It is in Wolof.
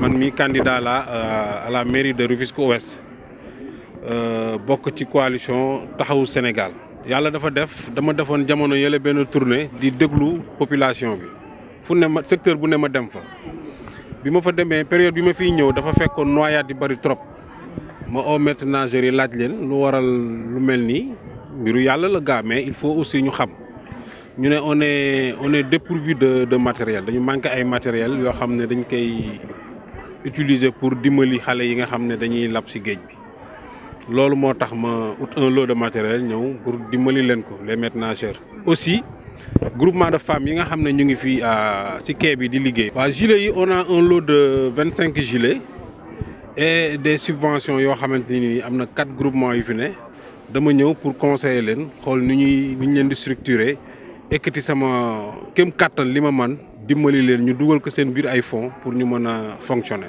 man mi candidat la euh, à la mairie de Rufisque Ouest euh, bokk ci coalition taxawu Sénégal. yàlla dafa def dama defoon jamono yële benn tournée di déglu population bi fu ne ma secteur bu ne ma dem fa bi ma fa demee période bi ma fiy ñëw dafa fekkoon noyade yi bari trop ma oo ménagères yi laaj leen lu waral lu mel nii mbiru la gaa mais il faut aussi ñu xam ñu ne on est on est dépourvu de de matériel dañu manqué ay matériel yoo xam ne dañ koy utiliser pour dimbali xale yi nga xam ne dañuy l'apsi ci géej bi loolu moo ma ut un lot de matériel ñëw pour dimbali leen ko les maîtres aussi groupement de femmes yi nga xam ne ñu ngi fii euh, ci quai bi di liggéey. waaw gilets on a un lot de vingt cinq gilets et des subventions yoo xamante ni am quatre groupements yu fi ne dama ñëw pour conseiller len xool ni ñuy ni ñu leen di structurer ekkati sama kem kàttan lima man dimbali leen ñu dugal ko seen biir ay fonds pour ñu mën fonctionner.